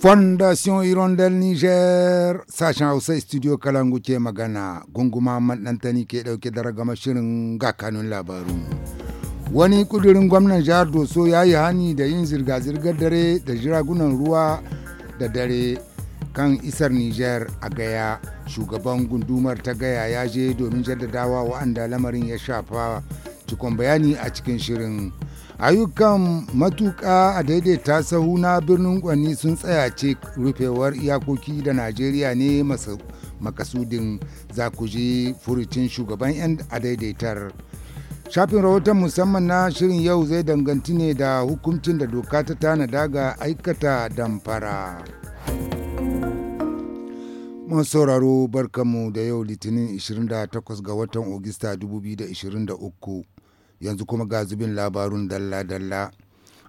fondation hirondel niger sashen hausa studio kalangu ce magana gunguma maɗantani ke ɗauke da ragama shirin ga kanun labaru wani kudirin gwamnan jihar doso ya yi hani da yin zirga-zirgar dare da jiragunan ruwa da dare kan isar Nijar a gaya shugaban gundumar ta gaya ya je domin jaddadawa wa'anda lamarin ya shafa cikon bayani a cikin shirin ayyukan matuƙa a daidaita sahu na birnin kwani sun tsaya ce rufewar iyakoki da najeriya ne masu makasudin za furucin shugaban 'yan a daidaitar shafin rahoton musamman na shirin yau zai danganci ne da hukuncin da doka ta tanada ga aikata damfara. Mun sauraro barkanmu da yau Litinin 28 ga watan Ogista 2023 yanzu kuma ga zubin labarun dalla-dalla.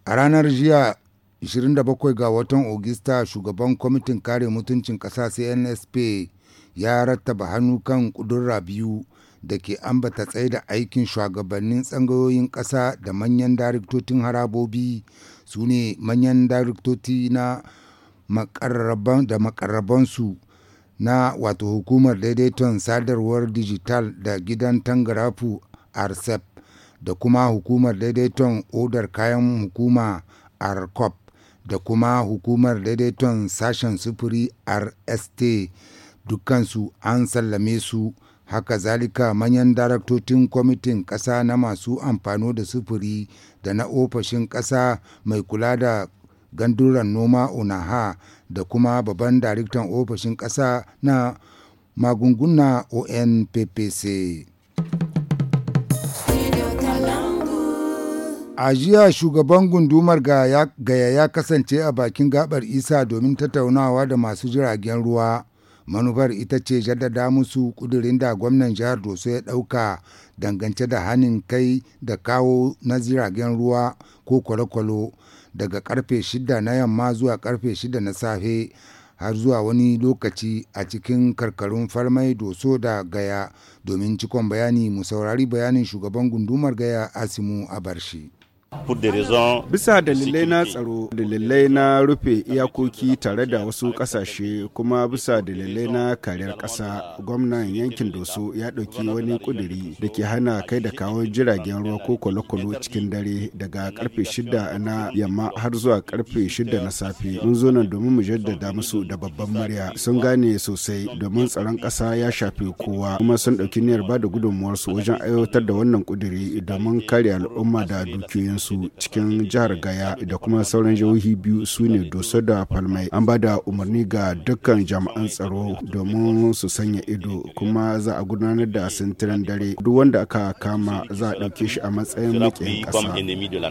A ranar jiya 27 ga watan Ogista shugaban kwamitin kare mutuncin ƙasa CNSP ya rattaba hannu kan ƙudurra biyu da ke ambata tsaye da aikin shugabannin tsangayoyin ƙasa da manyan dariktocin harabobi su ne manyan dariktoti na da makarrabansu na wato hukumar daidaiton sadarwar dijital da gidan tangarafu arcep da kuma hukumar daidaiton odar kayan hukuma arcop da kuma hukumar daidaiton sashen sufuri rst dukansu an sallame su haka zalika manyan daraktocin kwamitin ƙasa na masu amfano da sufuri da na ofishin ƙasa mai kula da ganduran noma unaha da kuma babban daraktan ofishin ƙasa na magunguna onppc a jiya shugaban gundumar gaya ya kasance a bakin gabar isa domin tattaunawa da masu jiragen ruwa manufar ita ce jaddada musu kudirin da gwamnan jihar doso ya dauka. dangance da hanin kai da kawo na jiragen ruwa ko kwale-kwale daga karfe shida na yamma zuwa karfe shida na safe har zuwa wani lokaci a cikin karkarun farmai doso da gaya domin cikon bayani mu saurari bayanin shugaban gundumar gaya asimu a barshi. Bisa dalilai na tsaro, dalilai na rufe iyakoki tare da wasu kasashe kuma bisa dalilai na kariyar ƙasa, gwamnan yankin Doso ya ɗauki wani ƙuduri da ke hana kai da kawo jiragen ruwa ko kwalokwalo cikin dare daga karfe 6 na yamma har zuwa karfe 6 na safe. Mun zo nan domin mu jaddada musu da babban murya. Sun gane sosai domin tsaron ƙasa ya shafe kowa kuma sun ɗauki niyyar ba da gudunmuwarsu wajen aiwatar da wannan ƙuduri domin kare al'umma da dukiyoyinsu. su cikin jihar Gaya da kuma sauran jihohi biyu su ne Doso da Falmai. An bada umarni ga dukkan jami'an tsaro domin su sanya ido kuma za a gudanar da sintirin dare. Duk wanda aka kama za a ɗauke shi a matsayin maƙin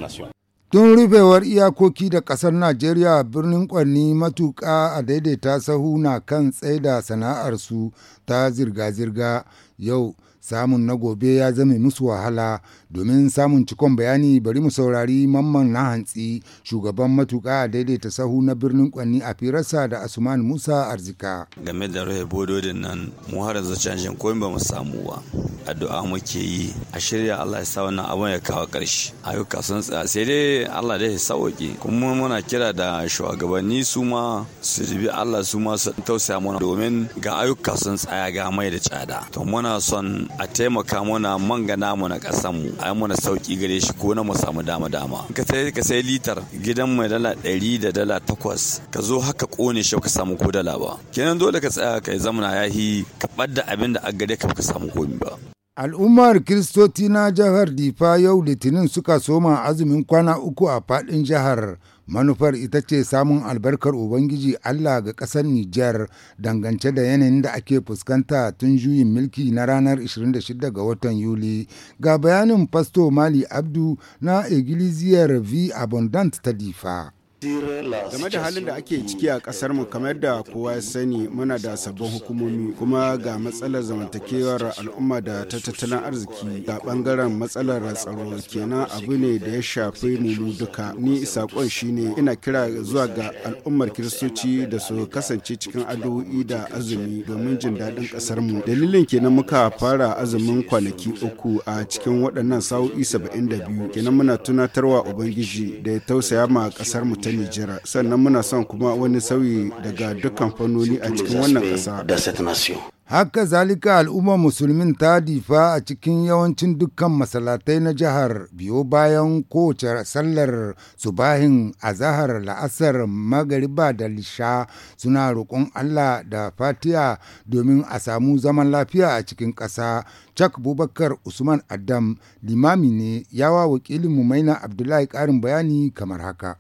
ƙasa. tun rufewar iyakoki da ƙasar Najeriya birnin Kwanni matuƙa a daidaita sahu na kan tsaida sana'ar su ta zirga-zirga yau. samun na gobe ya zame musu wahala domin samun cikon bayani bari mu saurari mamman na hantsi shugaban matuka a daidaita sahu na birnin kwanni a firarsa da asuman musa arzika game da rahe bododin nan mu har yanzu canjin koyin ba mu samu ba addu'a muke yi a shirya allah ya sa wannan abin ya kawo ƙarshe ayyuka sun tsaya sai dai allah dai ya sauke kuma muna kira da shugabanni su ma su jibi allah su ma su tausaya mana domin ga ayyuka sun tsaya ga mai da tsada to muna son a taimaka mana man ga mu na kasan mu a yi mana sauki gare shi ko na mu samu dama dama ka sai ka sai litar gidan mai dala ɗari da dala takwas ka zo haka kone shi ka samu ko dala ba kenan dole ka tsaya ka yi zamana yi ka ɓadda abin da a ka samu komi ba Al'ummar Kiristoci na jihar Difa yau Litinin suka soma azumin kwana uku a faɗin jihar manufar ita ce samun albarkar ubangiji allah ga ƙasar Nijar, dangance da yanayin da ake fuskanta tun juyin mulki na ranar 26 ga watan yuli ga bayanin fasto mali abdu na iglesiyar v abundant ta difa game da halin da ake ciki a kasar mu kamar da kowa ya sani muna da sabbin hukumomi kuma ga matsalar zamantakewar al'umma da ta tattalin arziki ga bangaren matsalar tsaro kenan abu ne da ya shafi mu duka ni sakon shine ina kira zuwa ga al'ummar kiristoci da su kasance cikin addu'o'i da azumi domin jin daɗin kasar mu dalilin kenan muka fara azumin kwanaki uku a cikin waɗannan sa'o'i 72 kenan muna tunatarwa ubangiji da ya tausaya ma kasar mu ta Nijar sannan muna son kuma wani sauyi daga dukkan fannoni a cikin wannan ƙasa. Haka zalika al'ummar musulmin ta difa a cikin yawancin dukkan masalatai na jihar biyo bayan kowace sallar subahin zahar la'asar magariba da lisha suna roƙon Allah da fatiya domin a samu zaman lafiya a cikin ƙasa. Cak Bubakar Usman Adam limami ne yawa wakilin mu Maina Abdullahi ƙarin bayani kamar haka.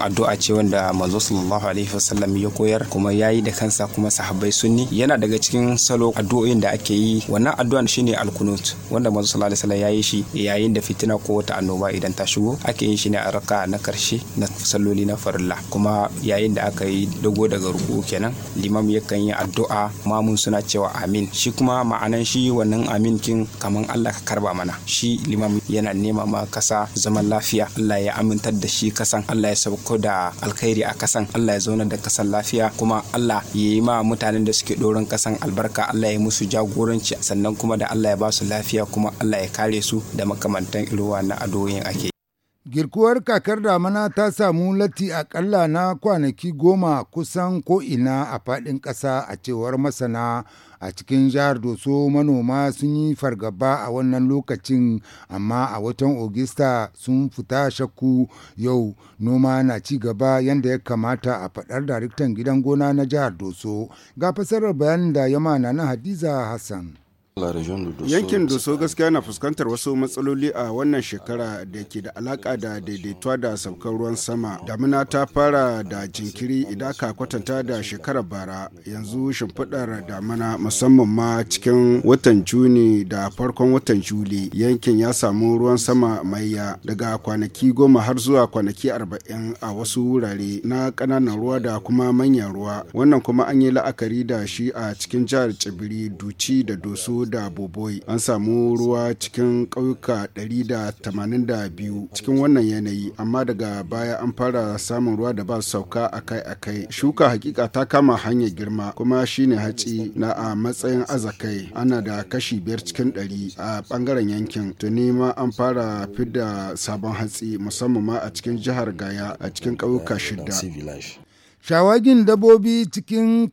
addu'a ce wanda manzo sallallahu alaihi wasallam ya koyar kuma yayi da kansa kuma sahabbai sunni yana daga cikin salo addu'o'in da ake yi wannan addu'an shine alkunut wanda manzo sallallahu alaihi wasallam yayi shi yayin da fitina ko wata annoba idan ta shigo ake yin shi ne a raka na karshe na salloli na farilla kuma yayin da aka yi dogo daga ruku kenan limam yakan yi addu'a mamun suna cewa amin shi kuma ma'anan shi wannan amin kin kaman Allah ka karba mana shi limam yana nema ma kasa zaman lafiya Allah ya amintar da shi kasan Allah ya sauka riko da alkhairi a kasan Allah ya zauna da kasan lafiya kuma Allah ya yi ma mutanen da suke doron kasan albarka Allah ya musu jagoranci sannan kuma da Allah ya ba su lafiya kuma Allah ya kare su da makamantan irin na adoyin ake Girkuwar kakar damana ta samu latti akalla na kwanaki goma kusan ko'ina a faɗin ƙasa a cewar masana a cikin jihar Doso manoma sun yi fargaba a wannan lokacin amma a watan Ogista sun fita shakku yau noma na ci gaba yadda ya kamata a faɗar daraktan gidan gona na jihar Doso ga fasarar bayan da yamana na Hadiza Hassan. Yankin Doso gaskiya na fuskantar wasu matsaloli a wannan shekara da ke da alaka da daidaituwa da saukar ruwan sama. Damina ta fara da jinkiri idan ka kwatanta da shekarar bara yanzu shimfiɗar damina musamman ma cikin watan Juni da farkon watan Juli yankin ya samu ruwan sama maiya daga kwanaki goma har zuwa kwanaki arba'in a wasu wurare na ƙananan ruwa da kuma manyan ruwa. Wannan kuma an yi la'akari da shi a cikin jihar Tsibiri, Duci da Doso da boboi an samu ruwa cikin ƙauyuka 182 cikin wannan yanayi amma daga baya an fara samun ruwa da ba sauka akai-akai shuka hakika ta kama hanyar girma kuma shine hatsi na a matsayin azakai ana da kashi biyar cikin ɗari a ɓangaren yankin tuni ma an fara fidda sabon hatsi musamman ma a cikin jihar gaya a cikin ƙauyuka shida Shawagin dabobi cikin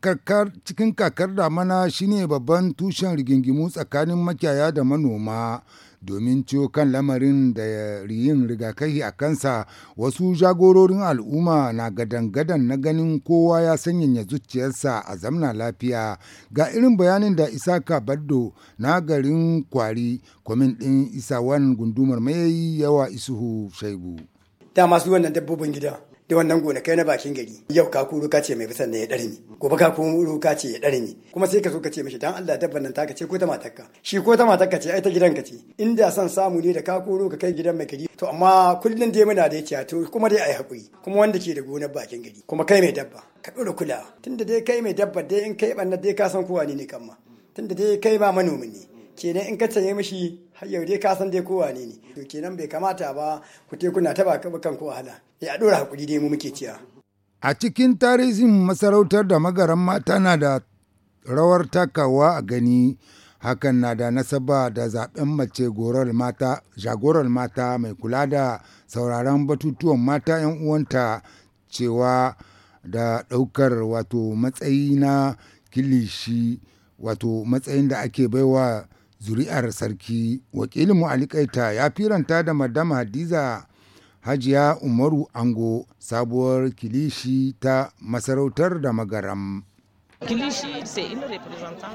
kakar damana shine babban tushen rigingimu tsakanin makiyaya da manoma. domin ciwo kan lamarin da yin rigakafi a kansa wasu jagororin al'umma na gadan-gadan na ganin kowa ya sanyanya zuciyarsa a zamna lafiya ga irin bayanin da isaka baddo na garin kwari kwamin ɗin isawan gundumar mayayi yawa isuhu shaibu dama masu wannan dabbobin gida da wannan gonakai na bakin gari yau ka kuru ka ce mai bisan ne ya ɗarmi gobe ka kuru ka ce ya kuma sai ka so ka ce mishi dan Allah dabban nan ta ce ko ta matarka shi ko ta matarka ce ai ta gidan ka ce inda son samu ne da ka kuru ka kai gidan mai gari to amma kullun dai muna da ya to kuma dai ai hakuri kuma wanda ke da gonar bakin gari kuma kai mai dabba ka ɗora kula tunda dai kai mai dabba dai in kai ɓanna dai ka san kowa ne ne kan ma tunda dai kai ma manomi ne kenan in ka tsaye mishi har yau dai ka san dai kowa ne ne to kenan bai kamata ba ku te kuna taba kan ko wahala ya eh, dora hakuri dai mu muke ciya a cikin tarihin masarautar da magaran mata na da rawar takawa a gani hakan na da nasaba da zaben mace goral mata jagorar mata mai kula da sauraron batutuwan mata 'yan uwanta cewa da ɗaukar wato matsayi na kilishi wato matsayin da ake baiwa zuri'ar sarki wakilinmu alikaita ya firanta da madam hadiza hajiya umaru ango sabuwar kilishi ta masarautar da magaram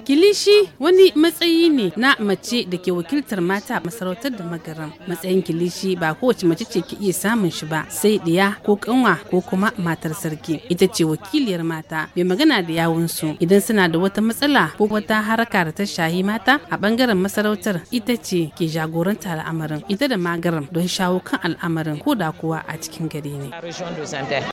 Kilishi wani matsayi ne na mace da ke wakiltar mata masarautar da magaran. Matsayin kilishi ba kowace mace ce ke iya samun shi ba sai ɗiya ko kanwa ko kuma matar sarki. Ita ce wakiliyar mata mai magana da yawunsu idan suna da wata matsala ko wata haraka da ta shahi mata a bangaren masarautar ita ce ke jagoranta al'amarin ita da magaran don shawo kan al'amarin ko da kuwa a cikin gari ne.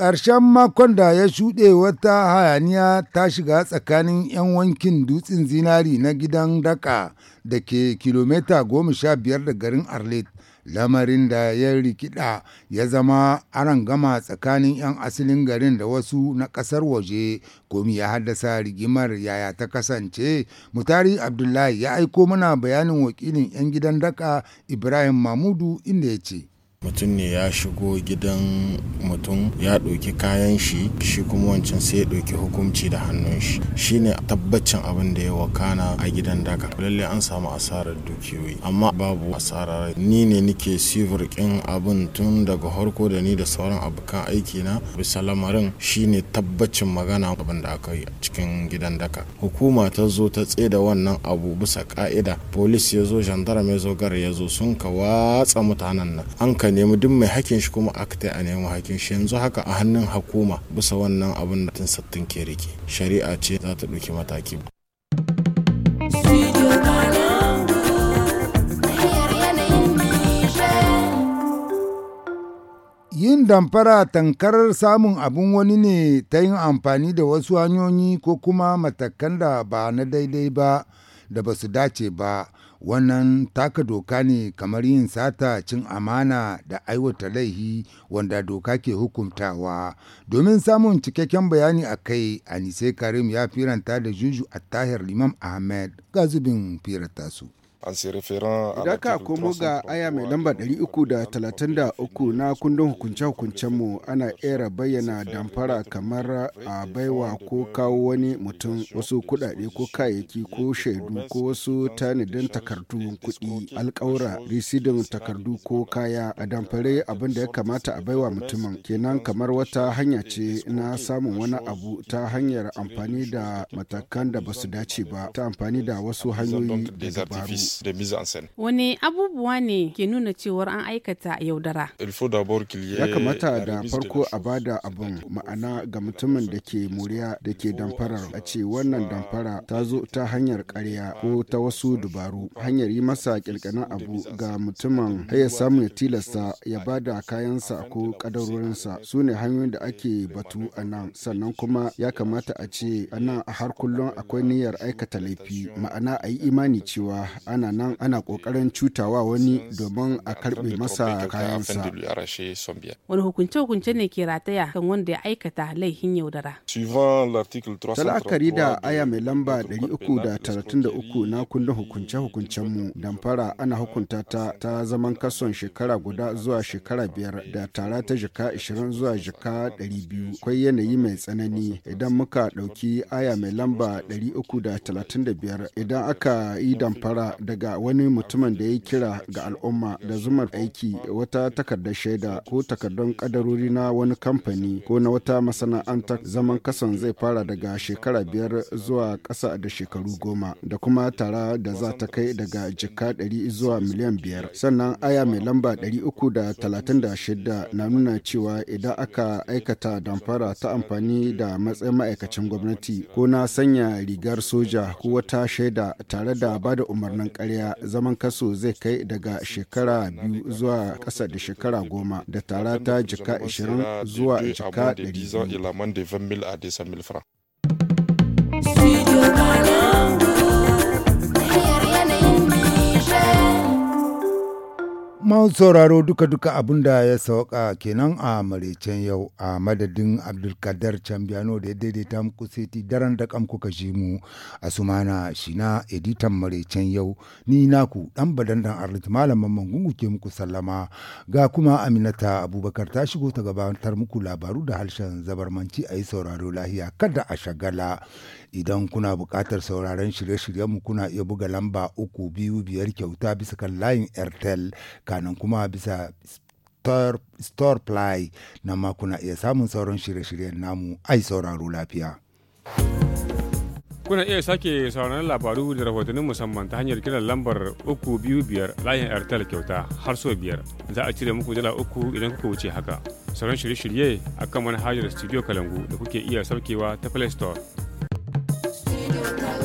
ƙarshen makon da ya shuɗe wata hayaniya ta shiga tsakanin 'yan wankin dutsen zinari na gidan daka da ke kilomita goma sha biyar da garin arlet lamarin da ya rikida ya zama aran gama tsakanin 'yan asalin garin da wasu na ƙasar waje komi ya haddasa rigimar yaya ta kasance mutari abdullahi ya aiko mana bayanin wakilin 'yan gidan daka ibrahim mamudu inda ya ce mutum ne ya shigo gidan mutum ya ɗauki kayan shi shi kuma wancan sai ya ɗauki hukunci da hannun shi shi shine tabbacin abin da ya wakana a gidan daga lalle an samu asarar dukiyoyi amma babu asarar ni ne nike sivir kin abin tun daga harko da ni da sauran abokan aiki na bisa lamarin shi ne tabbacin magana abin da aka yi cikin gidan daka hukuma ta zo ta tsaye da wannan abu bisa ka'ida polis ya zo gendarme ya zo gar ya zo sun ka watsa mutanen nan an ka nemi duk mai hakin shi kuma aka ta a nemi hakin shi yanzu haka a hannun hukuma bisa wannan abin da tun sattin ke rike shari'a ce za ta ɗauki mataki yin damfara tankarar samun abin wani ne ta yin amfani da wasu hanyoyi ko kuma matakan da ba na daidai ba da ba su dace ba wannan taka doka ne kamar yin sata cin amana da aiwata laihi wanda doka ke hukuntawa domin samun cikakken bayani a kai anise karim ya firanta da juju a tahir limam ahmed gazubin firata su Idan ka komo ga aya mai lamba 333 na kundin hukunce hukuncen mu ana era bayyana damfara kamar a baiwa ko kawo wani mutum wasu kudade ko kayayyaki ko shaidu ko wasu tanadin takardu kuɗi alkaura risidin takardu ko kaya a damfare abin da ya kamata a baiwa mutumin kenan kamar wata hanya ce na samun wani abu ta hanyar amfani da matakan da ba su dace ba ta amfani da wasu hanyoyi da dabaru. mise en scène. Wani abubuwa ne ke nuna cewar an aikata yaudara? Ya kamata da farko a bada abin ma'ana ga mutumin da ke moriya da ke damfarar a ce wannan damfara ta zo ta hanyar karya ko ta wasu dubaru hanyar yi masa kilkanin abu ga mutumin haya ya samu ya tilasta ya bada kayansa ko kadarorinsa su ne hanyoyin da ake batu a nan sannan kuma ya kamata a ce ana har kullum akwai niyyar aikata laifi ma'ana a yi imani cewa ana ana nan ana kokarin cutawa wani domin a karbe masa kayansa wani hukunce hukunce ne ke rataya kan wanda ya aikata laihin yaudara talakari da aya mai lamba 333 na kundin hukunce hukuncen mu damfara ana hukunta ta ta zaman kason shekara guda zuwa shekara biyar da tara ta jika 20 zuwa jika 200 akwai yanayi mai tsanani idan muka ɗauki aya mai lamba 335 idan aka yi damfara da daga wani mutumin da ya kira ga al'umma da zumar aiki wata takardar shaida ko takardun kadarori na wani kamfani ko na wata masana'anta zaman kasan zai fara daga shekara biyar zuwa ƙasa da shekaru goma da kuma tara da za ta kai daga jika ɗari zuwa miliyan biyar sannan aya mai lamba ɗari uku da talatin da shida na nuna cewa idan aka aikata damfara ta amfani da matsayin ma'aikacin gwamnati ko na sanya rigar soja ko wata shaida tare da bada da umarnin karya zaman kaso zai kai daga shekara biyu zuwa kasa da shekara goma da tara ta jika 20 zuwa jika 100 masu sauraro duka-duka abin da ya sauka kenan a maraicen yau a madadin abdulkadar cambiano da ya daidaita muku seti daren da kam kuka ji mu a sumana shi na editan maraicen yau ni naku dan badandan arziki malaman mangungu ke muku sallama ga kuma aminata abubakar ta shigo ta gabatar muku labaru da harshen zabarmanci a yi sauraro lahiya kada a shagala Idan kuna bukatar sauraron shirye-shiryenmu kuna iya buga lamba uku biyu biyar kyauta bisa kan layin Airtel kanan kuma bisa Storefly na ma kuna iya samun sauran shirye-shiryen namu ai sauraro lafiya. Kuna iya sake sauran labaru da rahotannin musamman ta hanyar kiran lambar 325 layin Airtel kyauta har so biyar. Za a cire muku dala uku idan kuka wuce haka. Sauran shirye-shirye a kan manhajar Studio Kalangu da kuke iya saukewa ta Play Store. Africa.